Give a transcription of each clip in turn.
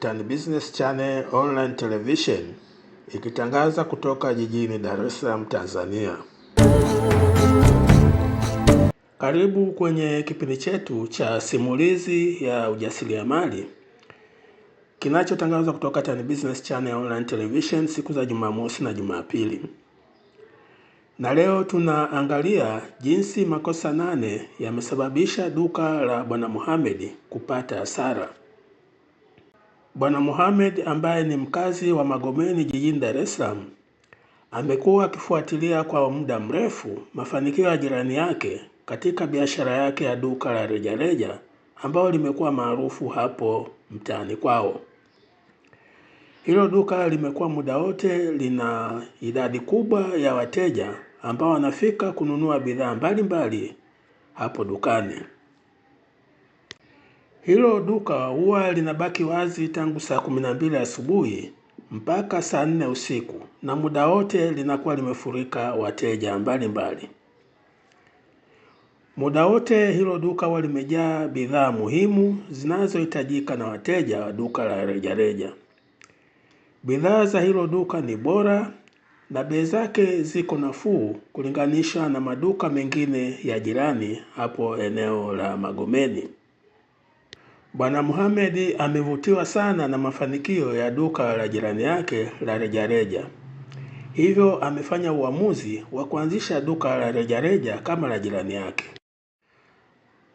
Tan Business Channel Online Television ikitangaza kutoka jijini Dar es Salaam, Tanzania. Karibu kwenye kipindi chetu cha simulizi ya ujasiriamali kinachotangazwa kutoka Tan Business Channel Online Television siku za Jumamosi na Jumapili. Na leo tunaangalia jinsi makosa nane yamesababisha duka la Bwana Mohamed kupata hasara. Bwana Mohamed ambaye ni mkazi wa Magomeni jijini Dar es Salaam amekuwa akifuatilia kwa muda mrefu mafanikio ya jirani yake katika biashara yake ya duka la rejareja ambalo limekuwa maarufu hapo mtaani kwao. Hilo duka limekuwa muda wote lina idadi kubwa ya wateja ambao wanafika kununua bidhaa mbalimbali hapo dukani. Hilo duka huwa linabaki wazi tangu saa kumi na mbili asubuhi mpaka saa nne usiku na muda wote linakuwa limefurika wateja mbalimbali. Muda wote hilo duka huwa limejaa bidhaa muhimu zinazohitajika na wateja wa duka la rejareja. Bidhaa za hilo duka ni bora na bei zake ziko nafuu kulinganisha na maduka mengine ya jirani hapo eneo la Magomeni. Bwana muhamedi amevutiwa sana na mafanikio ya duka la jirani yake la rejareja, hivyo amefanya uamuzi wa kuanzisha duka la rejareja kama la jirani yake.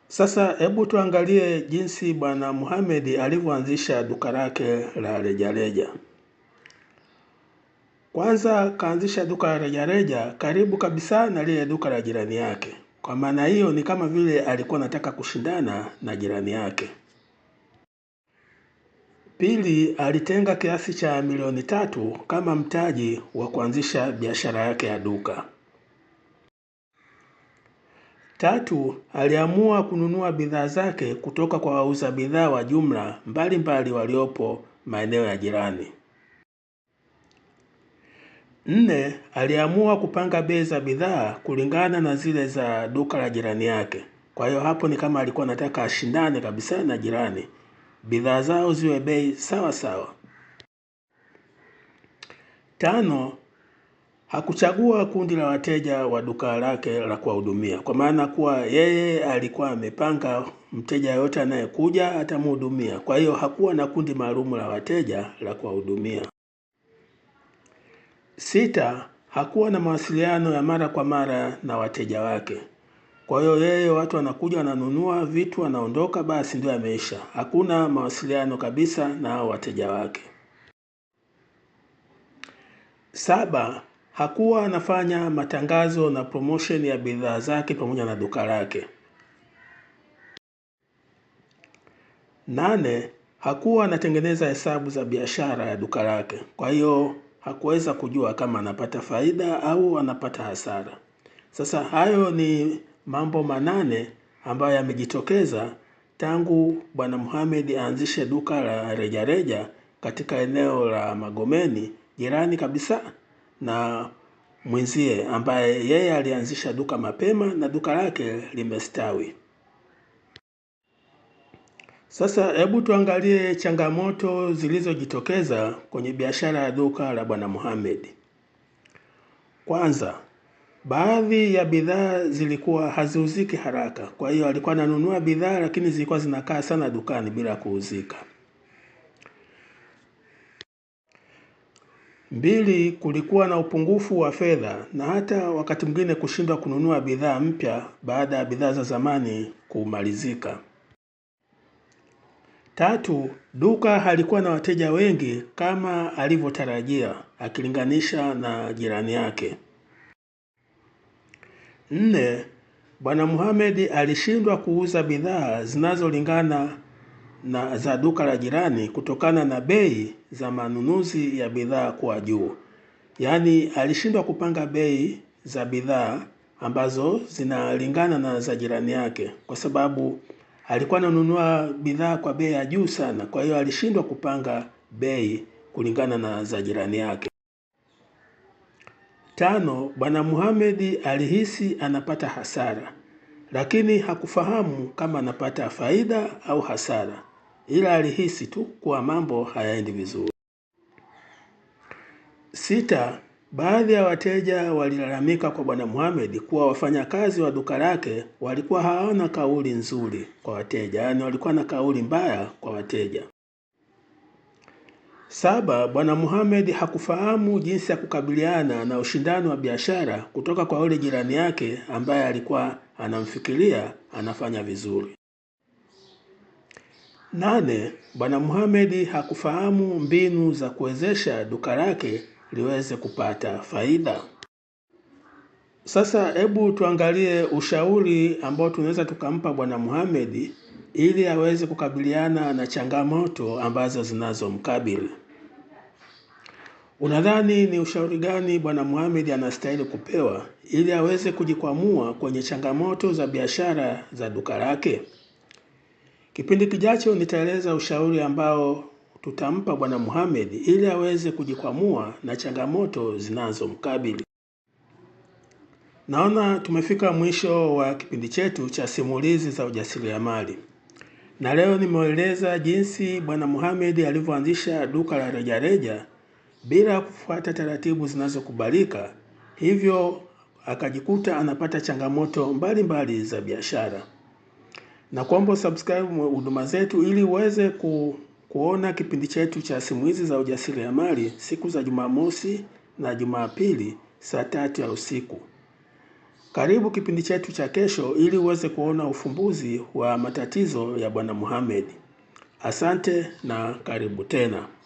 Sasa hebu tuangalie jinsi Bwana muhamedi alivyoanzisha duka lake la rejareja. Kwanza kaanzisha duka la rejareja karibu kabisa na lile duka la jirani yake. Kwa maana hiyo, ni kama vile alikuwa anataka kushindana na jirani yake. Pili, alitenga kiasi cha milioni tatu kama mtaji wa kuanzisha biashara yake ya duka. Tatu, aliamua kununua bidhaa zake kutoka kwa wauza bidhaa wa jumla mbalimbali waliopo maeneo ya jirani. Nne, aliamua kupanga bei za bidhaa kulingana na zile za duka la jirani yake. Kwa hiyo hapo ni kama alikuwa anataka ashindane kabisa na jirani bidhaa zao ziwe bei sawa sawa. Tano, hakuchagua kundi la wateja wa duka lake la kuwahudumia, kwa maana kuwa yeye alikuwa amepanga mteja yoyote anayekuja atamhudumia. Kwa hiyo hakuwa na kundi maalum la wateja la kuwahudumia. Sita, hakuwa na mawasiliano ya mara kwa mara na wateja wake, kwa hiyo yeye, watu wanakuja wananunua vitu wanaondoka, basi ndio ameisha. Hakuna mawasiliano kabisa na hao wateja wake. Saba, hakuwa anafanya matangazo na promotion ya bidhaa zake pamoja na duka lake. Nane, hakuwa anatengeneza hesabu za biashara ya duka lake, kwa hiyo hakuweza kujua kama anapata faida au anapata hasara. Sasa hayo ni mambo manane ambayo yamejitokeza tangu Bwana Mohamed aanzishe duka la rejareja katika eneo la Magomeni jirani kabisa na mwenzie ambaye yeye alianzisha duka mapema na duka lake limestawi. Sasa hebu tuangalie changamoto zilizojitokeza kwenye biashara ya duka la Bwana Mohamed. Kwanza, baadhi ya bidhaa zilikuwa haziuziki haraka. Kwa hiyo alikuwa ananunua bidhaa, lakini zilikuwa zinakaa sana dukani bila kuuzika. Mbili, kulikuwa na upungufu wa fedha na hata wakati mwingine kushindwa kununua bidhaa mpya baada ya bidhaa za zamani kumalizika. Tatu, duka halikuwa na wateja wengi kama alivyotarajia akilinganisha na jirani yake. Nne, Bwana Muhammad alishindwa kuuza bidhaa zinazolingana na za duka la jirani kutokana na bei za manunuzi ya bidhaa kuwa juu. Yaani alishindwa kupanga bei za bidhaa ambazo zinalingana na za jirani yake kwa sababu alikuwa ananunua bidhaa kwa bei ya juu sana. Kwa hiyo alishindwa kupanga bei kulingana na za jirani yake. Tano, Bwana Muhamedi alihisi anapata hasara, lakini hakufahamu kama anapata faida au hasara, ila alihisi tu kuwa mambo hayaendi vizuri. Sita, baadhi ya wateja walilalamika kwa Bwana Muhamedi kuwa wafanyakazi wa duka lake walikuwa hawana kauli nzuri kwa wateja, yaani walikuwa na kauli mbaya kwa wateja. Saba, Bwana Muhammad hakufahamu jinsi ya kukabiliana na ushindani wa biashara kutoka kwa yule jirani yake ambaye alikuwa anamfikiria anafanya vizuri. Nane, Bwana Muhammad hakufahamu mbinu za kuwezesha duka lake liweze kupata faida. Sasa hebu tuangalie ushauri ambao tunaweza tukampa Bwana Muhammad ili aweze kukabiliana na changamoto ambazo zinazomkabili. Unadhani ni ushauri gani Bwana Mohamed anastahili kupewa ili aweze kujikwamua kwenye changamoto za biashara za duka lake? Kipindi kijacho nitaeleza ushauri ambao tutampa Bwana Mohamed ili aweze kujikwamua na changamoto zinazomkabili. Naona tumefika mwisho wa kipindi chetu cha simulizi za ujasiriamali. Na leo nimeeleza jinsi Bwana Mohamed alivyoanzisha duka la rejareja bila kufuata taratibu zinazokubalika, hivyo akajikuta anapata changamoto mbalimbali mbali za biashara. Na kuomba subscribe huduma zetu ili uweze ku, kuona kipindi chetu cha simulizi za ujasiriamali siku za Jumamosi na Jumapili saa tatu ya usiku. Karibu kipindi chetu cha kesho ili uweze kuona ufumbuzi wa matatizo ya Bwana Muhammad. Asante na karibu tena.